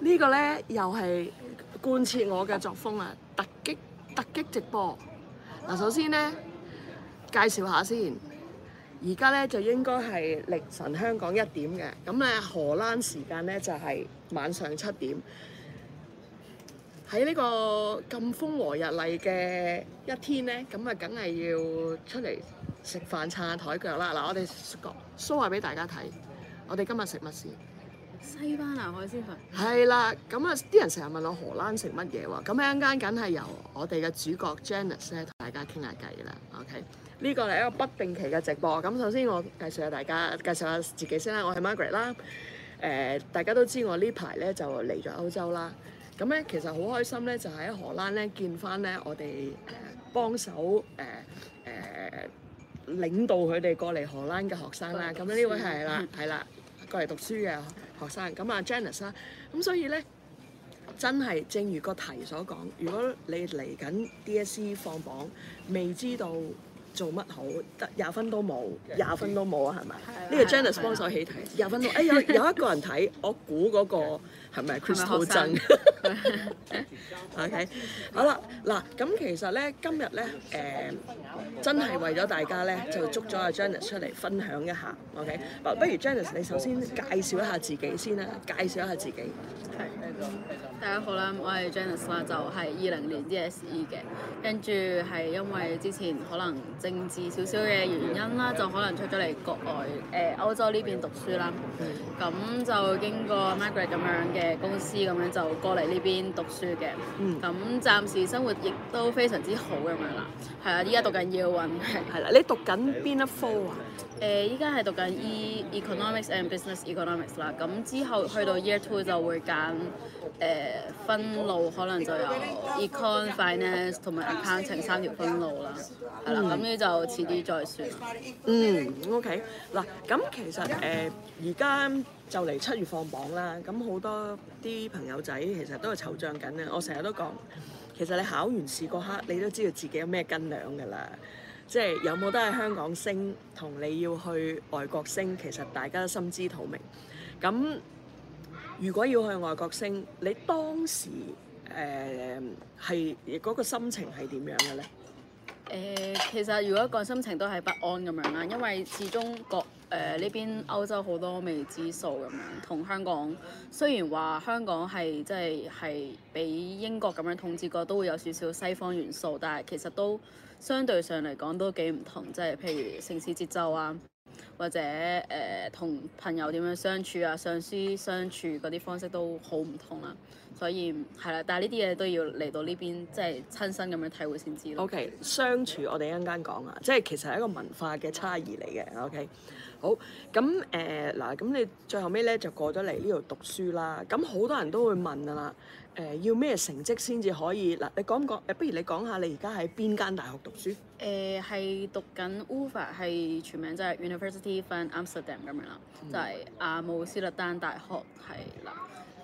呢個呢，又係貫徹我嘅作風啊！突擊突擊直播嗱，首先呢，介紹下先。而家呢，就應該係凌晨香港一點嘅，咁咧荷蘭時間呢，就係晚上七點。喺呢個咁風和日麗嘅一天呢，咁啊梗係要出嚟食飯撐下台腳啦！嗱，我哋講 show 下俾大家睇，我哋今日食乜先？西班牙海鮮飯係啦，咁啊啲人成日問我荷蘭食乜嘢喎？咁呢一陣間梗係由我哋嘅主角 Janice 咧同大家傾下偈啦。OK，呢個係一個不定期嘅直播。咁首先我介紹下大家，介紹下自己先啦。我係 Margaret 啦、呃。誒，大家都知我呢排咧就嚟咗歐洲啦。咁咧其實好開心咧，就喺荷蘭咧見翻咧我哋誒、呃、幫手誒誒領導佢哋過嚟荷蘭嘅學生啦。咁呢書位係啦，係啦、嗯，過嚟讀書嘅。學生咁啊 Janice 啊，咁所以咧，真係正如個題所講，如果你嚟緊 DSE 放榜，未知道，做乜好？得廿分都冇，廿分都冇啊，係咪？呢個 Janice 幫手起睇，廿分都，誒有有一個人睇，我估嗰個係咪 Crystal 好真？OK，好啦，嗱咁其實咧，今日咧誒真係為咗大家咧，就捉咗阿 Janice 出嚟分享一下。OK，不不如 Janice 你首先介紹一下自己先啦，介紹一下自己。大家好啦，我係 Janice 啦，就係二零年 DSE 嘅，跟住係因為之前可能政治少少嘅原因啦，就可能出咗嚟國外誒歐洲呢邊讀書啦，咁就經過 Migrate 咁樣嘅公司咁樣就過嚟呢邊讀書嘅，咁暫時生活亦都非常之好咁樣啦，係啊，依家讀緊 Year One，係啦，你讀緊邊一科啊？誒，依家係讀緊 E Economics and Business Economics 啦，咁之後去到 Year Two 就會揀。誒、呃、分路可能就有 Econ finance 同埋 accounting 三條分路啦，係啦、嗯，咁咧、嗯、就遲啲再算。嗯，OK，嗱、啊，咁其實誒而家就嚟七月放榜啦，咁好多啲朋友仔其實都係惆悵緊啊。我成日都講，其實你考完試嗰刻，你都知道自己有咩斤兩㗎啦，即、就、係、是、有冇得喺香港升同你要去外國升，其實大家都心知肚明。咁如果要去外國升，你當時誒係嗰個心情係點樣嘅咧？誒、呃，其實如果個心情都係不安咁樣啦，因為始終國誒呢、呃、邊歐洲好多未知數咁樣，同香港雖然話香港係即係係畀英國咁樣統治過都會有少少西方元素，但係其實都相對上嚟講都幾唔同，即係譬如城市節奏啊。或者誒，同、呃、朋友點樣相處啊，上司相處嗰啲方式都好唔同啦，所以係啦，但係呢啲嘢都要嚟到呢邊即係親身咁樣體會先知咯。OK，相處我哋一陣間講啊，Okay。即係其實係一個文化嘅差異嚟嘅。OK。好咁誒嗱，咁、呃、你最後尾咧就過咗嚟呢度讀書啦。咁、嗯、好多人都會問啊啦，誒要咩成績先至可以嗱？你講唔講？誒、啊，不如你講下你而家喺邊間大學讀書？誒、呃，係讀緊 UvA 係全名就係 University of Amsterdam 咁樣啦，就係、是、阿姆斯特丹大學係啦。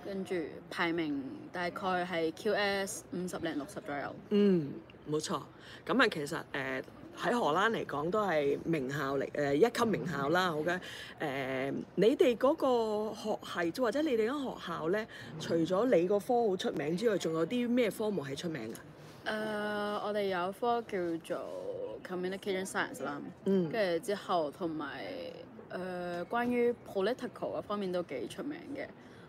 跟住排名大概係 QS 五十零六十左右。嗯，冇、嗯、錯。咁、嗯、啊，其實誒。呃喺荷蘭嚟講都係名校嚟誒、呃、一級名校啦，好嘅誒、呃，你哋嗰個學系，或者你哋間學校咧，除咗你個科好出名之外，仲有啲咩科目係出名噶？誒、呃，我哋有科叫做 communication science 啦，跟住、嗯、之後同埋誒關於 political 嘅方面都幾出名嘅。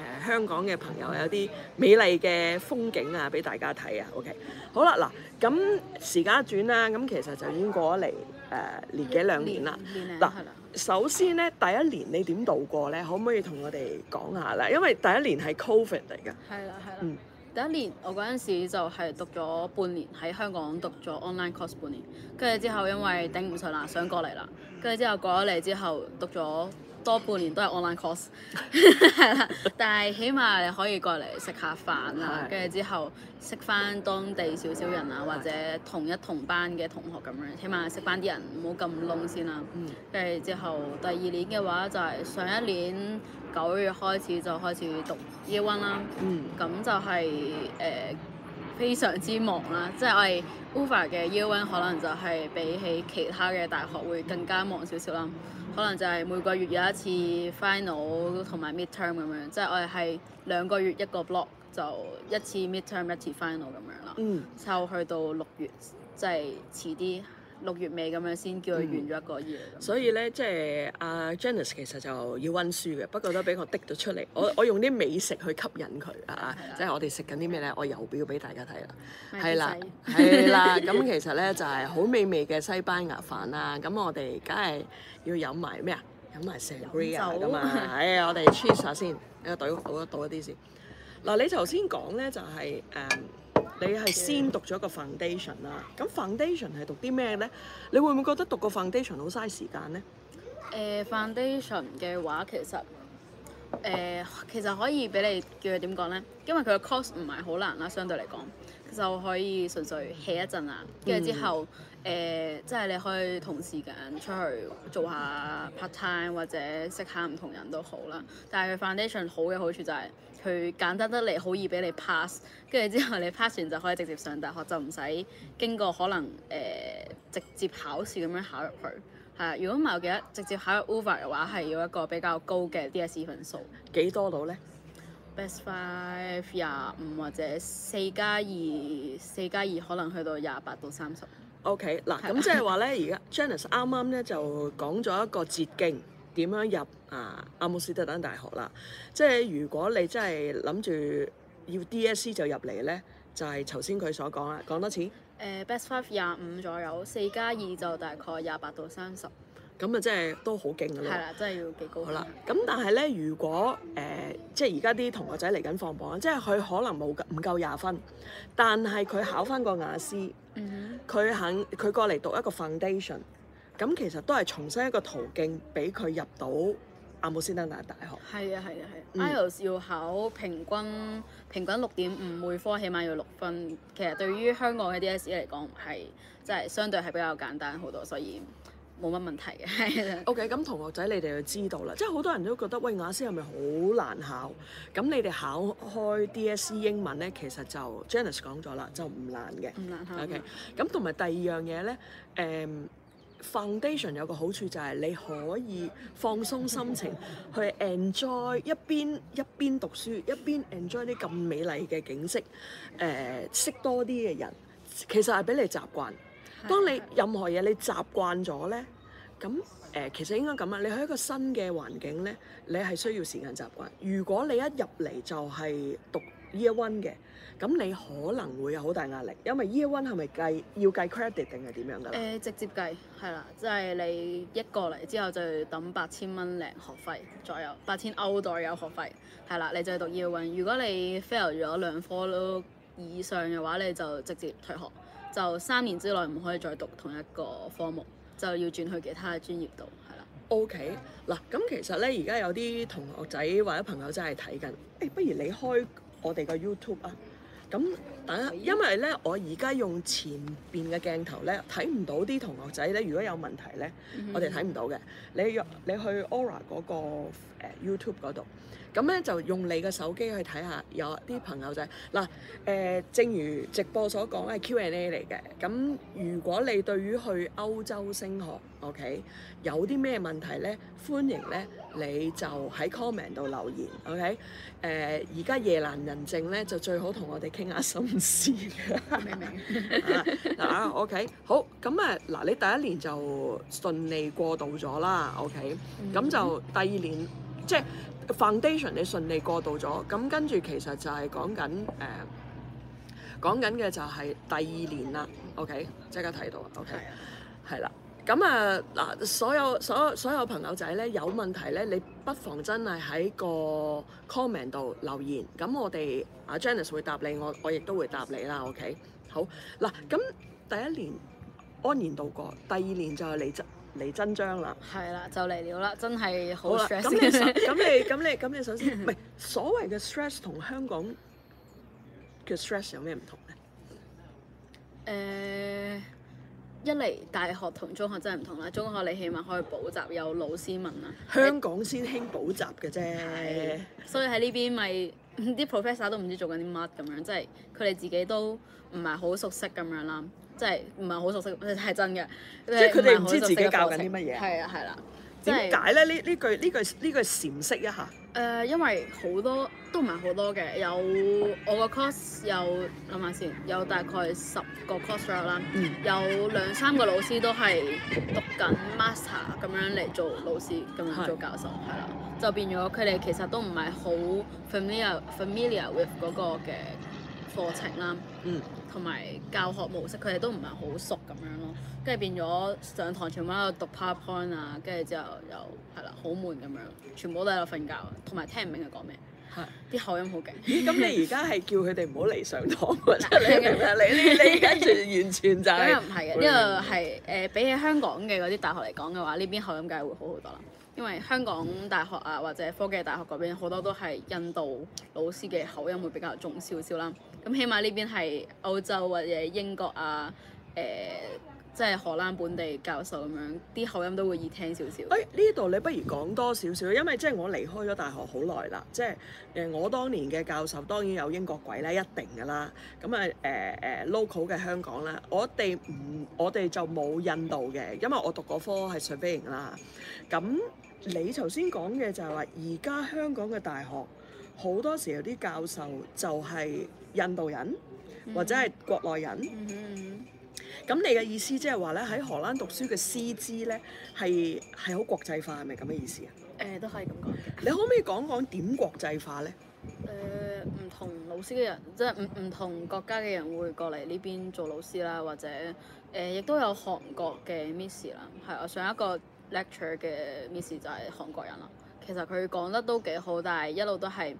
誒、呃、香港嘅朋友有啲美麗嘅風景啊，俾大家睇啊，OK，好啦，嗱咁時間一轉啦，咁其實就已經過咗嚟誒年幾兩年，年啦。年零係啦。首先咧，第一年你點度過咧？可唔可以同我哋講下咧？因為第一年係 Covid 嚟㗎。係啦係啦。嗯、第一年我嗰陣時就係讀咗半年喺香港讀咗 online course 半年，跟住之後因為頂唔順啦，嗯、想過嚟啦，跟住之後過咗嚟之後讀咗。多半年都係 online course，係 啦了， 但係起碼你可以過嚟食下飯啊，跟住 之後識翻當地少少人啊， 或者同一同班嘅同學咁樣，起碼識翻啲人唔好咁窿先啦。跟住 之後第二年嘅話就係上一年九月開始就開始讀 year one 啦，咁就係誒非常之忙啦，即係我哋 UVA 嘅 year one 可能就係比起其他嘅大學會更加忙少少啦。 可能就係每個月有一次 final 同埋 midterm 咁樣，即係我哋係兩個月一個 block 就一次 midterm 一次 final 咁樣啦，嗯，就去到六月即係遲啲。就是六月尾咁樣先叫佢完咗一個月。嗯、所以咧，即、就、係、是、阿、uh, Janice 其實就要溫書嘅，不過都俾我滴到出嚟。 我我用啲美食去吸引佢啊！Uh, 即係我哋食緊啲咩咧？我油表俾大家睇 是啦，係啦係啦。咁其實咧就係、是、好美味嘅西班牙飯啦。咁我哋梗係要飲埋咩啊？飲埋 some beer 啊，哎呀，我哋 cheese 下先，倒一個隊好一隊一啲先。嗱，你頭先講咧就係、是、誒。Um, 你係先讀咗個 foundation 啦，咁 foundation 係讀啲咩咧？你會唔會覺得讀個 foundation 好嘥時間咧？誒、uh, foundation 嘅話，其實誒、uh, 其實可以俾你叫佢點講咧，因為佢個 course 唔係好難啦，相對嚟講就可以純粹 hea 一陣啦，跟住之後誒即係你可以同時間出去做下 part time 或者識下唔同人都好啦，但係佢 foundation 好嘅好處就係、是。佢簡單得嚟好易俾你 pass，跟住之後你 pass 完就可以直接上大學，就唔使經過可能誒、呃、直接考試咁樣考入去。係啊，如果唔係我記得直接考入 UVA 嘅話，係要一個比較高嘅 DSE 分數，幾多到呢？Best five 廿五，或者四加二，四加二可能去到廿八到三十。OK，嗱咁即係話呢，而家 Janice 啱啱呢就講咗一個捷徑。點樣入啊阿姆斯特丹大學啦？即係如果你真係諗住要 DSE 就入嚟咧，就係頭先佢所講啦。講多次。誒、uh，best five 廿五左右，四加二就大概廿八到三十。咁啊，即係都好勁㗎啦。係啦，真係要幾高好啦。咁但係咧，如果誒、呃、即係而家啲同學仔嚟緊放榜，即係佢可能冇唔夠廿分，但係佢考翻個雅思，佢、mm hmm. 肯佢過嚟讀一個 foundation。咁其實都係重新一個途徑俾佢入到阿姆斯特丹，丹大，大學。係啊係啊係，IELTS 要考平均平均六點五，每科起碼要六分。其實對於香港嘅 DSE 嚟講係真係相對係比較簡單好多，所以冇乜問題嘅。 OK，咁同學仔你哋要知道啦，即係好多人都覺得喂雅思係咪好難考？咁你哋考開 DSE 英文咧，其實就 Janice 講咗啦，就唔難嘅。唔難考。OK，咁同埋第二樣嘢咧，誒、嗯。Foundation 有個好處就係你可以放鬆心情去 enjoy 一邊一邊讀書一邊 enjoy 啲咁美麗嘅景色，誒、呃、識多啲嘅人，其實係俾你習慣。的當你任何嘢你習慣咗咧，咁誒、呃、其實應該咁啊！你去一個新嘅環境咧，你係需要時間習慣。如果你一入嚟就係讀 Year One 嘅。咁你可能會有好大壓力，因為 Year One 係咪計要計 credit 定係點樣噶咧、呃？直接計，係啦，即、就、係、係、你一過嚟之後就等八千蚊零學費左右，八千歐代有學費，係啦，你就讀 Year One。如果你 fail 咗兩科都以上嘅話，你就直接退學，就三年之內唔可以再讀同一個科目，就要轉去其他嘅專業度，係啦。OK，嗱，咁其實咧，而家有啲同學仔或者朋友真係睇緊，誒、欸，不如你開我哋個 YouTube 啊！咁，等，因為咧，我而家用前邊嘅鏡頭咧，睇唔到啲同學仔咧，如果有問題咧，mm hmm. 我哋睇唔到嘅。你入，你去 Aura 嗰、嗰個、誒、YouTube 嗰度，咁咧就用你嘅手機去睇下有啲朋友仔。嗱，誒，正如直播所講咧，Q&A 嚟嘅。咁如果你對於去歐洲升學，OK？有啲咩問題咧？歡迎咧，你就喺 comment 度留言，OK？誒、呃，而家夜闌人靜咧，就最好同我哋傾下心事，明唔明？嗱，OK，好咁啊，嗱，你第一年就順利過渡咗啦，OK？咁、mm hmm. 就第二年，即、就、係、是、foundation 你順利過渡咗，咁跟住其實就係講緊誒、呃，講緊嘅就係第二年啦，OK？即刻睇到，OK？係啦、mm。Hmm. 的咁啊嗱，所有所有所有朋友仔咧，有問題咧，你不妨真係喺個 comment 度留言。咁我哋阿、啊、Janice 會答你，我我亦都會答你啦。OK，好嗱。咁、啊、第一年安然度過，第二年就係嚟真嚟真章啦。係啦，就嚟了啦，真係好啦。咁你首咁 你咁你，你，你首先唔係 所謂嘅 stress 同香港嘅 stress 有咩唔同咧？誒、uh。一嚟大學同中學真係唔同啦，中學你起碼可以補習有老師問啦。香港先興補習嘅啫，係 所以喺呢邊咪啲 professor 都唔知做緊啲乜咁樣，即係佢哋自己都唔係好熟悉咁樣啦，即係唔係好熟悉係真嘅。即係佢哋唔知自己教緊啲乜嘢。係啊，係啦。點解咧？呢呢句呢句呢句闡釋一下。誒、呃，因為好多都唔係好多嘅，有我個 course 有諗下先，有大概十個 course 啦， 有兩三個老師都係讀緊 master 咁樣嚟做老師，咁樣做教授係啦， 就變咗佢哋其實都唔係好 familiar familiar with 嗰個嘅。課程啦，嗯，同埋教學模式，佢哋都唔係好熟咁樣咯，跟住變咗上堂全部喺度讀 PowerPoint 啊，跟住之後又係啦，好悶咁樣，全部都喺度瞓覺，同埋聽唔明佢講咩，係的，啲口音好勁。咦？咁你而家係叫佢哋唔好嚟上堂啊？ 你 你跟住 完全就係、是，咁又唔係嘅，呢 個係誒、呃，比起香港嘅嗰啲大學嚟講嘅話，呢邊口音梗係會好好多啦，因為香港大學啊或者科技大學嗰邊好多都係印度老師嘅口音會比較重少少啦。咁起碼呢邊係澳洲或者英國啊，誒、呃，即係荷蘭本地教授咁樣，啲口音都會易聽少少。誒、欸，呢度你不如講多少少，因為即係我離開咗大學好耐啦，即係誒我當年嘅教授當然有英國鬼啦，一定噶啦。咁啊誒誒 local 嘅香港啦，我哋唔我哋就冇印度嘅，因為我讀嗰科係水飛型啦。咁你頭先講嘅就係話，而家香港嘅大學好多時候啲教授就係、是。印度人或者係國內人，嗯哼，咁你嘅意思即係話咧喺荷蘭讀書嘅師資咧係係好國際化，係咪咁嘅意思啊？誒、嗯，都係咁講。你可唔可以講講點國際化咧？誒、嗯，唔同老師嘅人，即係唔唔同國家嘅人會過嚟呢邊做老師啦，或者誒，亦、嗯、都有韓國嘅 Miss 啦，係、嗯、我、嗯、上一個 lecture 嘅 Miss 就係韓國人啦。其實佢講得都幾好，但係一路都係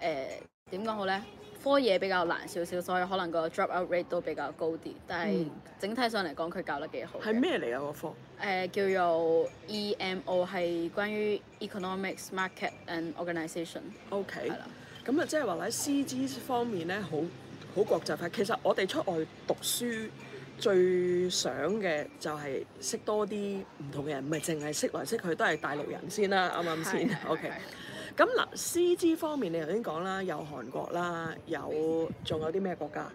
誒點講好咧？科嘢比較難少少，所以可能個 dropout rate 都比較高啲。但係整體上嚟講，佢教得幾好。係咩嚟啊？嗰科？誒，叫做 EMO，係關於 economics, market and organisation Okay, 了。O K。係啦，咁啊，即係話喺師資方面咧，好好國際化。其實我哋出外讀書最想嘅就係識多啲唔同嘅人，唔係淨係識來識去都係大陸人先啦，啱啱先？O K。咁嗱，師資方面，你頭先講啦，有韓國啦，有仲有啲咩國家？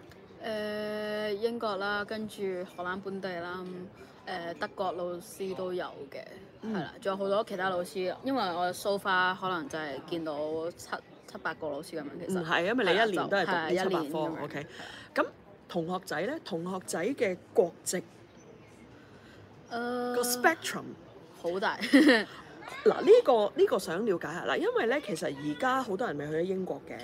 誒，uh, 英國啦，跟住荷蘭本地啦，誒、uh, 德國老師都有嘅，係啦、mm.，仲有好多其他老師。因為我 so far 可能就係見到七七八個老師咁樣，其實唔係、嗯，因為你一年都係讀七，的七八科，OK？咁同學仔咧，同學仔嘅國籍誒，uh, 個 spectrum 好很大。 嗱，呢個呢個想了解下，嗱，因為咧，其實而家好多人未去咗英國嘅，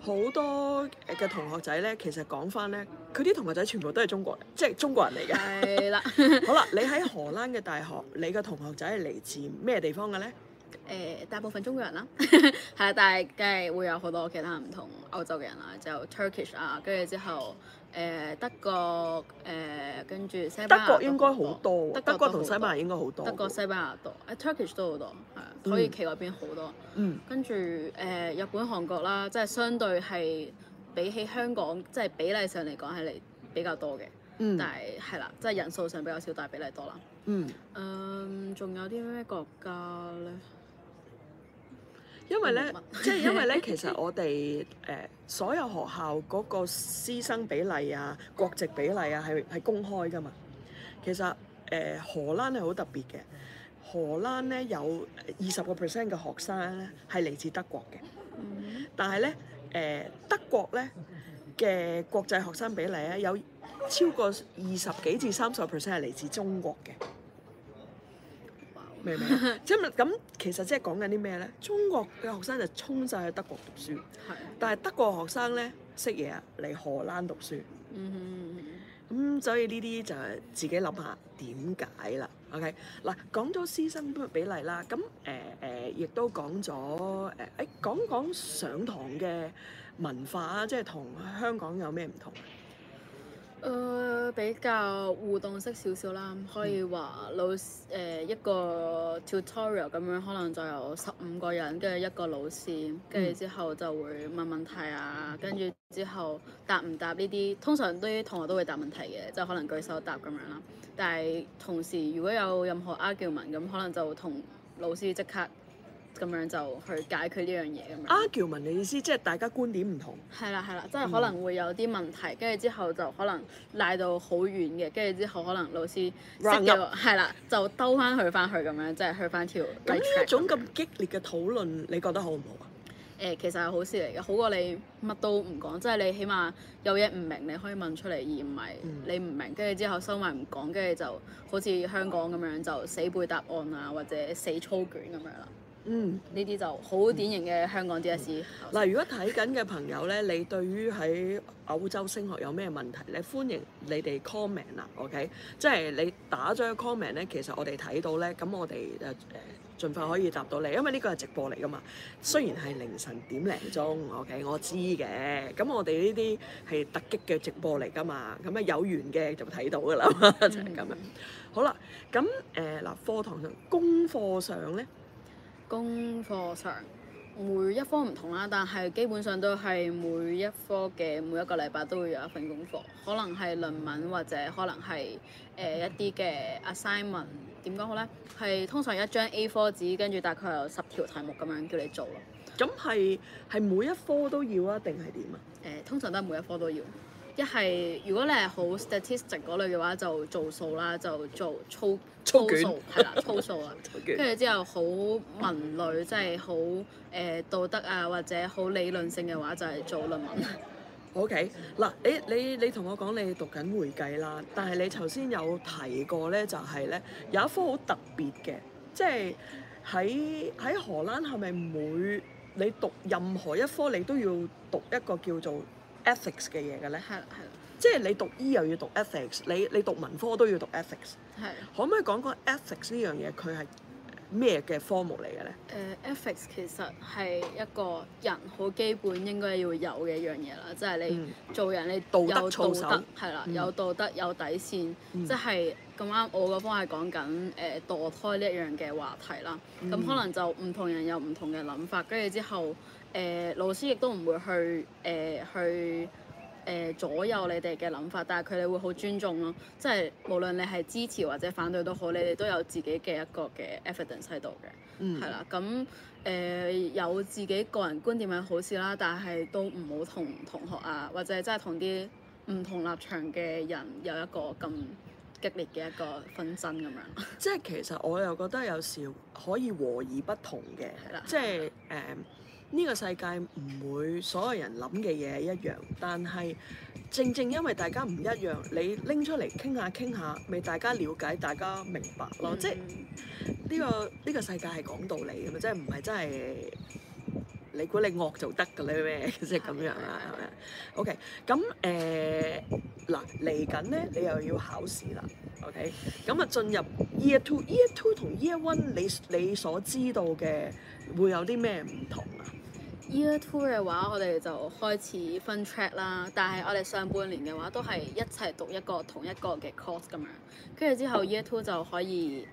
好、mm hmm. 多嘅同學仔咧，其實講翻咧，佢啲同學仔全部都係中國，即係中國人嚟嘅。係啦。好啦，你喺荷蘭嘅大學，你嘅同學仔係嚟自咩地方嘅咧？誒、呃、大部分中國人啦，係啊，但係梗係會有好多其他唔同歐洲嘅人啦，就 Turkish 啊，跟住之後誒、呃、德國誒、呃、跟住西班德國應該好多，德國同西班牙應該好多，德國西班牙多，誒 Turkish 都好多，係土耳其嗰邊好多，嗯、跟住誒、呃、日本韓國啦，即、就、係、是、相對係比起香港即係、就是、比例上嚟講係嚟比較多嘅，嗯、但係係啦，即係、就是、人數上比較少，但係比例多啦、嗯，嗯，仲、嗯、有啲咩國家咧？嗯因為咧，即係 因為咧，其實我哋誒、呃、所有學校嗰個師生比例啊、國籍比例啊係係公開噶嘛。其實誒荷蘭係好特別嘅，荷蘭咧有二十個 percent 嘅學生咧係嚟自德國嘅，但係咧誒德國咧嘅國際學生比例咧、啊、有超過二十幾至三十個 percent 係嚟自中國嘅。明唔明？即係咁，其實即係講緊啲咩咧？中國嘅學生就衝晒去德國讀書，係但係德國學生咧識嘢嚟荷蘭讀書。嗯咁、嗯、所以呢啲就自己諗下點解啦。OK，嗱講咗師生比例啦，咁誒誒亦都講咗誒，誒、呃、講講上堂嘅文化啊，即係同香港有咩唔同？誒、呃、比較互動式少少啦，可以話老師誒、呃、一個 tutorial 咁樣，可能就有十五個人，跟住一個老師，跟住之後就會問問題啊，跟住之後答唔答呢啲？通常啲同學都會答問題嘅，就可能舉手答咁樣啦。但係同時如果有任何 argument 咁，可能就同老師即刻。咁樣就去解決呢樣嘢咁樣。Argument 嘅意思即係、就是、大家觀點唔同。係啦係啦，即係可能會有啲問題，跟住、嗯、之後就可能賴到好遠嘅，跟住之後可能老師，run up 係啦，就兜翻去翻去。咁、right、樣，即係去翻條。咁呢一種咁激烈嘅討論，你覺得好唔好啊？誒、欸，其實係好事嚟嘅，好過你乜都唔講，即係你起碼有嘢唔明你可以問出嚟，而唔係你唔明，跟住、嗯、之後收埋唔講，跟住就好似香港咁樣、嗯、就死背答案啊，或者死操卷咁樣啦。嗯，呢啲就好典型嘅香港 DSE 嗱、嗯，嗯、才如果睇緊嘅朋友咧，你對於喺歐洲升學有咩問題咧，歡迎你哋 comment 啦，OK？即係你打咗 comment 咧，其實我哋睇到咧，咁我哋誒誒盡快可以答到你，因為呢個係直播嚟噶嘛。雖然係凌晨一點零鐘，OK？我知嘅。咁我哋呢啲係突擊嘅直播嚟噶嘛，咁啊有緣嘅就睇到噶啦，嗯、 就係咁樣。嗯、好啦，咁誒嗱課堂上功課上咧。功課上每一科唔同啦，但係基本上都係每一科嘅每一個禮拜都會有一份功課，可能係論文或者可能係誒、呃、一啲嘅 assignment，點講好咧？係通常一張 A4 紙，跟住大概有十條題目咁樣叫你做啦。咁係係每一科都要啊？定係點啊？誒，通常都係每一科都要。一係如果你係好 statistic 嗰類嘅話，就做數啦，就做粗粗啦卷，粗數啊。跟住 卷之後好文類，即係好誒道德啊，或者好理論性嘅話，就係、係、做論文。OK，嗱，誒你你同我講你讀緊會計啦，但係你頭先有提過呢，就係呢，有一科好特別嘅，即係喺喺荷蘭係咪每你讀任何一科，你都要讀一個叫做？ethics 嘅嘢嘅咧，係啦係啦，即係你讀醫又要讀 ethics，你你讀文科都要讀 ethics，係，的可唔可以講講 ethics 呢樣嘢佢係咩嘅科目嚟嘅咧？誒、uh, ethics 其實係一個人好基本應該要有嘅一樣嘢啦，即、就、係、是、你做人你道德操守係啦、嗯，有道德有底線，即係咁啱我個方係講緊誒墮胎呢一樣嘅話題啦，咁、嗯、可能就唔同人有唔同嘅諗法，跟住之後。誒、呃、老師亦都唔會去誒、呃、去誒、呃、左右你哋嘅諗法，但係佢哋會好尊重咯。即係無論你係支持或者反對都好，你哋都有自己嘅一個嘅 evidence 喺度嘅，係啦、嗯啊。咁誒、呃、有自己個人觀點係好事啦，但係都唔好同同學啊，或者即係同啲唔同立場嘅人有一個咁激烈嘅一個紛爭咁樣。即係其實我又覺得有時可以和而不同嘅，即係誒。嗯嗯呢個世界唔會所有人諗嘅嘢一樣，但係正正因為大家唔一樣，你拎出嚟傾下傾下，咪大家了解，大家明白咯。嗯、即係呢個呢個世界係講道理嘅，即係唔係真係你估你惡就得嘅你咩即係咁樣啊係咪？OK，咁誒嗱嚟緊咧，你又要考試啦。OK，咁啊進入 Year Two，Year Two 同 Year One 你你所知道嘅會有啲咩唔同啊？Year two 嘅話，我哋就開始分 track 啦。但係我哋上半年嘅話，都係一齊讀一個同一個嘅 course 咁樣。跟住之後，year two 就可以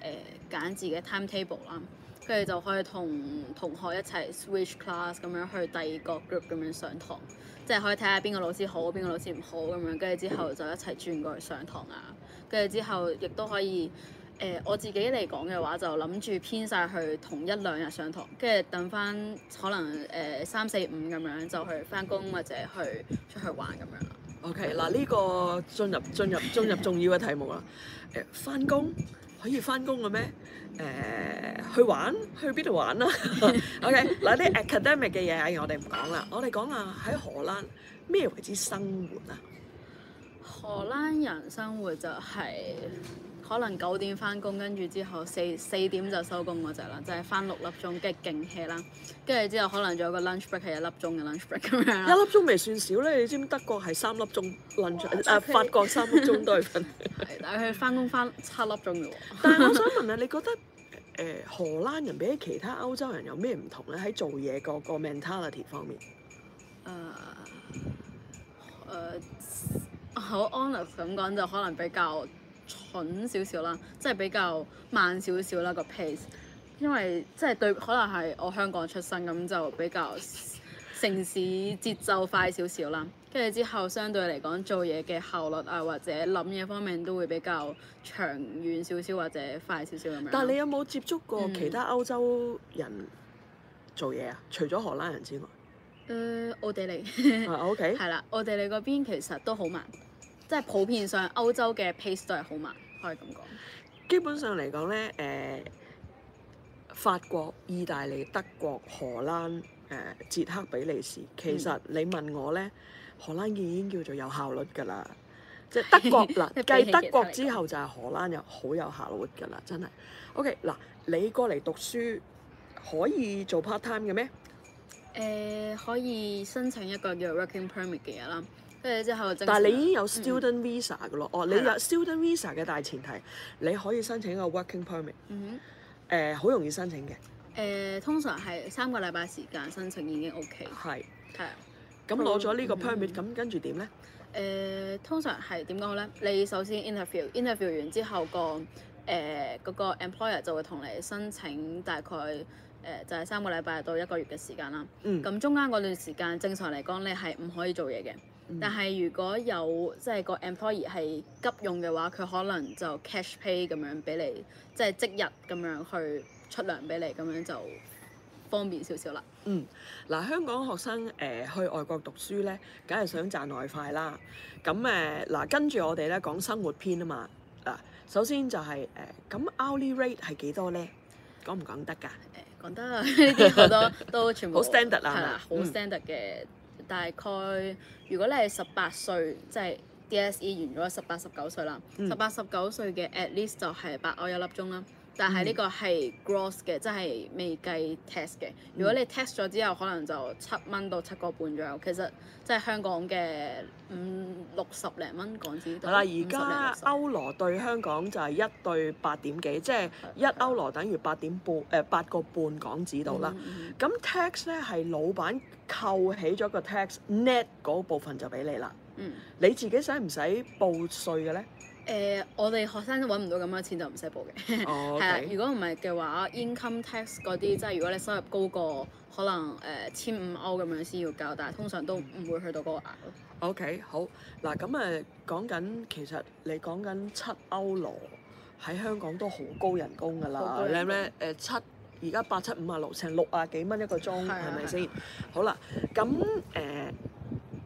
誒揀、呃、自己 timetable 啦。跟住就可以同同學一齊 switch class 咁樣去第二個 group 咁樣上堂，即係可以睇下邊個老師好，邊個老師唔好咁樣。跟住之後就一齊轉過去上堂啊。跟住之後亦都可以。誒、呃、我自己嚟講嘅話，就諗住編晒去同一兩日上堂，跟住等翻可能誒、呃、三四五咁樣就去翻工或者去出去玩咁樣啦。OK，嗱、啊、呢、這個進入進入進入重要嘅題目啦。誒，翻工可以翻工嘅咩？誒、呃、去玩去邊度玩啦 ？OK，嗱啲 academic 嘅嘢我哋唔講啦，我哋講啊喺荷蘭咩為之生活啊？荷蘭人生活就係、是。可能九點返工，跟住之後四四點就收工嗰隻啦，就係返六粒鐘，跟住勁 hea 啦，跟住之後可能仲有個 lunch break 係一粒鐘嘅 lunch break 咁樣。一粒鐘未算少咧，你知唔知德國係三粒鐘 lunch，誒法國三粒鐘都係瞓 。但係佢返工返七粒鐘嘅喎。 但係我想問下，你覺得誒、呃、荷蘭人比起其他歐洲人有咩唔同咧？喺做嘢個、那個 mentality 方面。誒誒、uh, uh,，好 honest 咁講就可能比較。蠢少少啦，即係比較慢少少啦、個 pace，因為即係對可能係我香港出生咁就比較城市節奏快少少啦，跟住之後相對嚟講做嘢嘅效率啊或者諗嘢方面都會比較長遠少少或者快少少咁樣。但係你有冇接觸過其他歐洲人做嘢啊？嗯、除咗荷蘭人之外，誒、呃、奧地利，係 啦、ah, okay.，奧地利嗰邊其實都好慢。即係普遍上歐洲嘅 pace 都係好慢，可以咁講。基本上嚟講咧，誒、呃，法國、意大利、德國、荷蘭、誒、呃、捷克、比利時，其實你問我咧，嗯、荷蘭已經叫做有效率㗎啦。嗯、即係德國啦，繼 德國之後就係荷蘭又好有效率㗎啦，真係。OK，嗱，你過嚟讀書可以做 part time 嘅咩？誒、呃，可以申請一個叫 working permit 嘅嘢啦。但係你已經有 student visa 嘅咯，嗯、哦，的你有 student visa 嘅大前提，你可以申請個 working permit，誒、嗯哼，好、呃、容易申請嘅。誒、呃，通常係三個禮拜時間申請已經 OK。係是，係的。咁攞咗呢個 permit，咁跟住點呢？誒、呃，通常係點講咧？你首先 interview，interview 完之後，呃那個誒嗰個 employer 就會同你申請大概。誒就係三個禮拜到一個月嘅時間啦。咁、嗯、中間嗰段時間正常嚟講咧係唔可以做嘢嘅。嗯、但係如果有即係、就是、個 employee 係急用嘅話，佢可能就 cash pay 咁樣俾你，即、就、係、是、即日咁樣去出糧俾你，咁樣就方便少少啦。嗯，嗱、啊、香港學生誒、呃、去外國讀書咧，梗係想賺外快啦。咁誒嗱跟住我哋咧講生活篇啊嘛。嗱、啊，首先就係、是、誒咁、啊、hourly rate 係幾多咧？講唔講得㗎？嗯講得，呢啲好多都全部係啦，好 standard 嘅。大概如果你係十八歲，即係 DSE 完咗十八十九歲啦，十八十九歲嘅 at least 就係八歐一粒鐘啦。但係呢個係 gross 嘅，嗯、即係未計 tax 嘅。如果你 tax 咗之後，嗯、可能就七蚊到七個半左右。其實即係香港嘅五六十零蚊港紙。係啦，而家歐羅對香港就係一對八點幾，即係一歐羅等於八點半，誒八個半港紙度啦。咁 tax 咧係老闆扣起咗、嗯、個 tax，net 嗰部分就俾你啦。嗯，你自己使唔使報稅嘅咧？誒、呃，我哋學生都揾唔到咁多錢就唔使補嘅，係啊。如果唔係嘅話，income tax 嗰啲，即、就、係、是、如果你收入高過可能誒千五歐咁樣先要交，但係通常都唔會去到嗰個額咯。OK，好嗱，咁誒、呃、講緊其實你講緊七歐羅喺香港都好高人工㗎啦，你諗咧誒七而家八七五啊六，成六啊幾蚊一個鐘係咪先？好啦，咁誒、呃、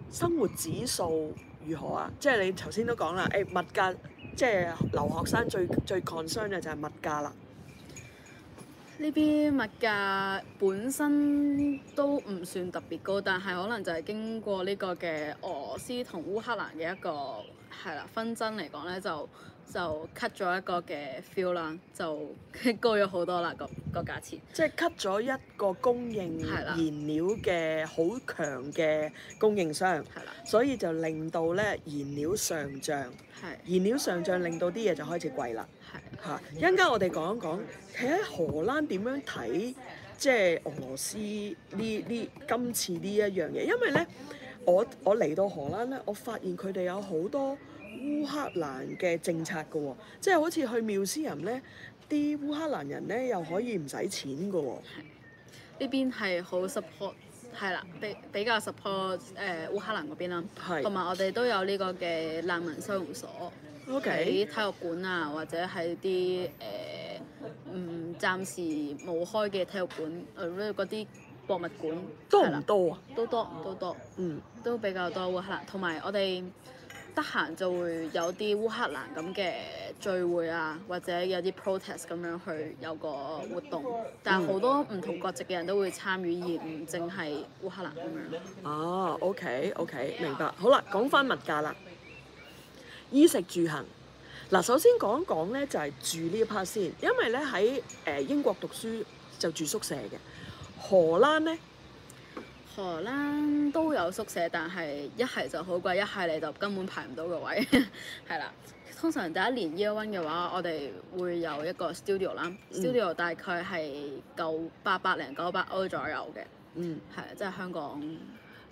生活指數如何啊？即、就、係、是、你頭先都講啦，誒、欸、物價。即係留學生最最 concern 嘅就係物價啦。呢邊物價本身都唔算特別高，但係可能就係經過呢個嘅俄羅斯同烏克蘭嘅一個係啦紛爭嚟講咧就。就 cut 咗一個嘅 feel 啦，就高咗好多啦，個個價錢。即係 cut 咗一個供應燃料嘅好強嘅供應商，係。所以就令到咧燃料上漲。係。燃料上漲令到啲嘢就開始貴啦。係，嚇！一陣間我哋講一講，喺喺荷蘭點樣睇，即係俄羅斯呢呢今次呢一樣嘢。因為咧，我我嚟到荷蘭咧，我發現佢哋有好多。烏克蘭嘅政策嘅喎、哦，即係好似去妙斯人咧，啲烏克蘭人咧又可以唔使錢嘅喎、哦。呢邊係好 support 係啦，比比較 support 誒、呃、烏克蘭嗰邊啦、啊，同埋是我哋都有呢個嘅難民收容所喺 Okay. 體育館啊，或者喺啲誒嗯暫時冇開嘅體育館，嗰、呃、啲博物館都唔多啊，都多都多，多多嗯，都比較多烏克蘭，同埋我哋。得閒就會有啲烏克蘭咁嘅聚會啊，或者有啲 protest 咁樣去有個活動，但係好多唔同國籍嘅人都會參與而唔淨係烏克蘭咁樣。哦、啊，OK OK，Yeah. 明白。好啦，講翻物價啦，衣食住行。嗱、啊，首先講一講咧就係、是、住呢一 part 先，因為咧喺誒英國讀書就住宿舍嘅，荷蘭咧。荷蘭都有宿舍，但係一係就好貴，一係你就根本排唔到個位 的，係啦。通常第一年 year one 嘅話，我哋會有一個 studio 啦、嗯、，studio 大概係九八百零九百歐左右嘅，嗯，係即係香港。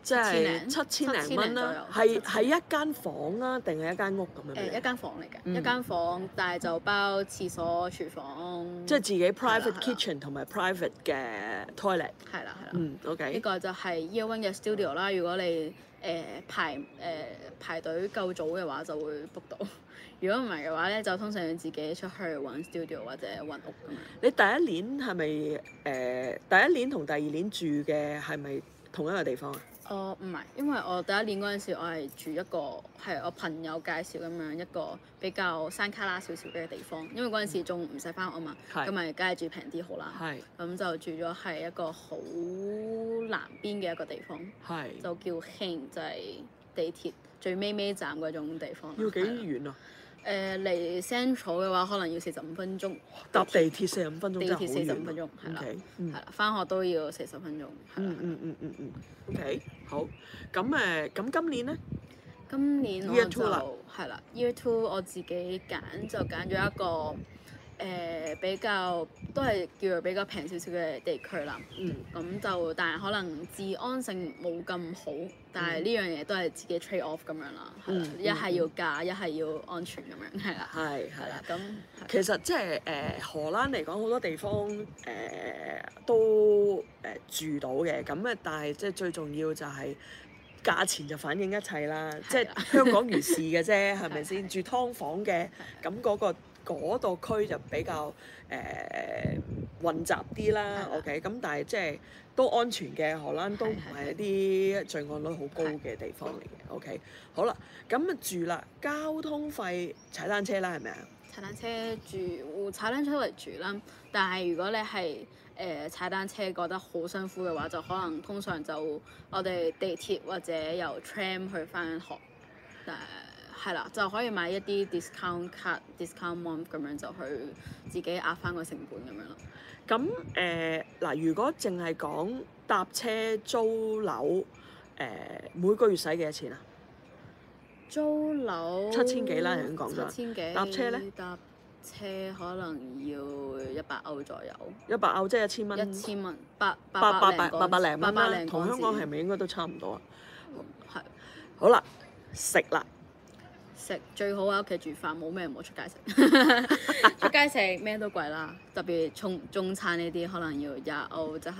即係七千零蚊啦，係係一間房啦、啊，定係一間屋咁樣、啊？誒、呃，一間房嚟嘅，嗯、一間房，但係就包廁所、廚房。嗯、即係自己 private kitchen 同埋了 private 嘅 toilet。係啦，係啦。嗯，OK。呢個就係 Year One 嘅 studio 啦。如果你誒、呃、排誒、呃、排隊夠早嘅話，就會 book 到。 如果唔係嘅話咧，就通常要自己出去揾 studio 或者揾屋咁。你第一年係咪誒？第一年同第二年住嘅係咪同一個地方啊？我唔係，因為我第一年嗰陣時，我係住一個係我朋友介紹咁樣一個比較山卡拉少少嘅地方，因為嗰陣時仲唔使翻學啊嘛，咁咪梗係住平啲好啦。咁係、嗯、就住咗係一個好南邊嘅一個地方，係就叫興，就係地鐵最尾尾站嗰種地方。要幾遠啊？誒嚟、呃、Central 嘅話，可能要四十五分鐘。搭地鐵四十五分鐘真係好遠。地鐵四十五分鐘，係啦，係啦，翻學都要四十分鐘，係啦。嗯嗯嗯嗯。OK，好。咁誒，咁今年咧？今年我就係啦 Year Two，Year Two 我自己揀就揀咗一個。誒比較都係叫做比較平少少嘅地區啦，咁就但係可能治安性冇咁好，但係呢樣嘢都係自己 trade off 咁樣啦，一係要價，一係要安全咁樣，係啦，係係啦，咁其實即係誒荷蘭嚟講，好多地方誒都誒住到嘅，咁啊但係即係最重要就係價錢就反映一切啦，即係香港如是嘅啫，係咪先住劏房嘅咁嗰個？嗰度區就比較誒、呃、混雜啲啦的，OK，咁但係即係都安全嘅，荷蘭都唔係一啲罪案率好高嘅地方嚟嘅的，OK，好啦，咁啊住啦，交通費踩單車啦，係咪啊？踩單車住，踩單車嚟住啦，但係如果你係誒、呃、踩單車覺得好辛苦嘅話，就可能通常就我哋地鐵或者由 tram 去返學，但係。係啦，就可以買一啲 discount card、discount month 咁樣就去自己壓翻個成本咁樣咯。咁誒嗱，如果淨係講搭車、租樓，誒、呃、每個月使幾多錢啊？租樓七千幾啦，香港七千幾。搭車咧？搭車可能要一百歐左右。一百歐即係一、mm. 嗯、千蚊。一千蚊，八八百零，八百零蚊啦。同香港係咪應該都差唔多啊？係。好啦，食啦。食最好喺屋企煮飯，冇咩唔好出街食。 出街食咩都貴啦，特別中中餐呢啲可能要廿歐，即係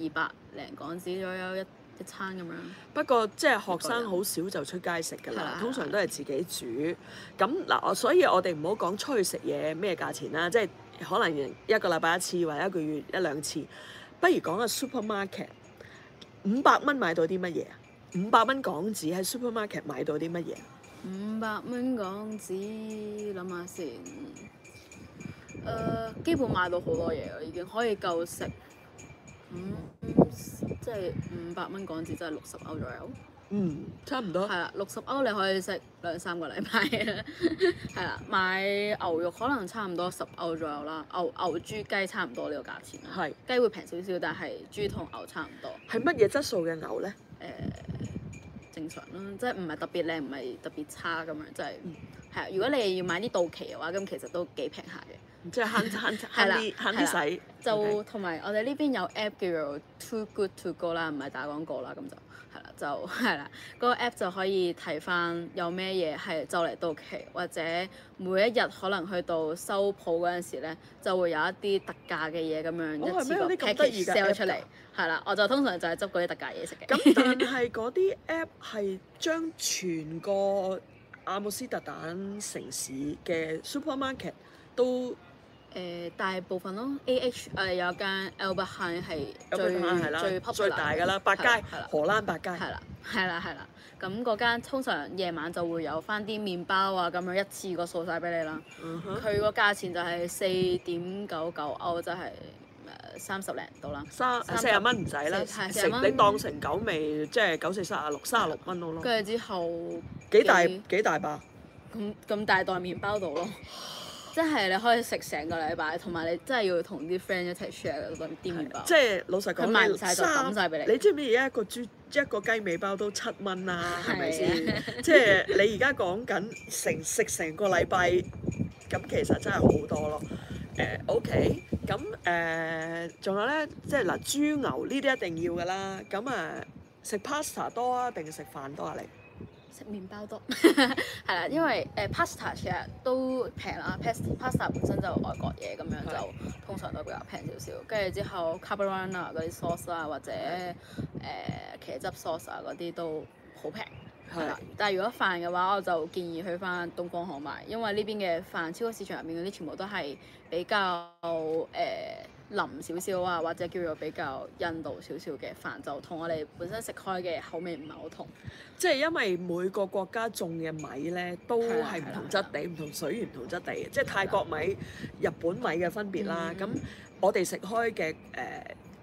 二百零港紙左右一一餐咁樣。不過即係、就是、學生好少就出街食噶啦，通常都係自己煮。咁嗱， 我所以我哋唔好講出去食嘢咩價錢啦，即、就、係、是、可能一個禮拜一次或者一個月一兩次。不如講下 supermarket，五百蚊買到啲乜嘢啊？五百蚊港紙喺 supermarket 買到啲乜嘢？五百蚊港紙，諗下先。誒、呃，基本買到好多嘢咯，已經可以夠食、嗯。嗯，即係五百蚊港紙，即係六十歐左右？嗯，差唔多。係啦，六十歐你可以食兩三個禮拜。係 啦，買牛肉可能差唔多十歐左右啦。牛、牛、豬、雞差唔多呢個價錢。係是。雞會平少少，但係豬同牛差唔多。係乜嘢質素嘅牛呢？誒、呃。正常啦，即係唔係特別靚唔係特別差咁樣，即係，係啊、嗯。如果你要買啲到期嘅話，咁其實都幾平下嘅，即係慳慳慳啲慳啲使。 就同埋我哋呢邊有 app 叫做 Too Good To Go 啦，唔係打廣告啦，咁就。就係啦，嗰個 app 就可以睇翻有咩嘢係就嚟到期，或者每一日可能去到收鋪嗰陣時咧，就會有一啲特價嘅嘢咁樣一啲 package sell 出嚟。係啦、啊，我就通常就係執嗰啲特價嘢食嘅。咁但係嗰啲 app 係 將全個阿姆斯特丹城市嘅 supermarket 都。誒大部分咯 A, H,、b、，AH 誒有間 Albert Heijn 係最啦啦最大嘅啦，百佳，荷蘭百佳，係啦係啦係啦。咁嗰間通常夜晚就會有翻啲麵包啊，咁樣一次過掃晒俾你啦。佢個、嗯、哼價錢就係四點九九歐，就係、是、誒三十零度啦，三四十蚊唔使啦，你當成九味，即係九四三啊六，三啊六蚊到咯。跟住之後幾大幾大包？咁咁大,大袋麵包度咯。即係你可以食成個禮拜，同埋你真係要同啲 friend 一齊 share 嗰份啲麵包。即係、就是、老實講，佢賣唔曬就抌曬俾你。你知唔知而家一個豬一個雞尾包都七蚊啦、啊？係咪先？即係吧 你而家講緊成食成個禮拜，咁其實真係好多咯。誒、 呃、OK，咁誒仲有咧，即係嗱豬牛呢啲一定要㗎啦。咁啊，食、呃、pasta 多啊，定食飯多啊？你？食麵包多，係啦，因為誒 pasta 其實都平啦，pasta 本身就外國嘢咁樣就通常都比較平少少，跟住是之後 carbonara 嗰啲 sauce 啊或者誒、呃、茄汁 sauce 啊嗰啲都好平。係啦，但係如果飯嘅話，我就建議去翻東方行買，因為呢邊嘅飯超級市場入面嗰啲全部都係比較誒腍少少啊，或者叫做比較印度少少嘅飯，就同我哋本身食開嘅口味唔係好同。即係因為每個國家種嘅米呢，都係唔同質地、唔同水源、唔同質地嘅，的即係泰國米、的日本米嘅分別啦。咁、嗯、我哋食開嘅誒。呃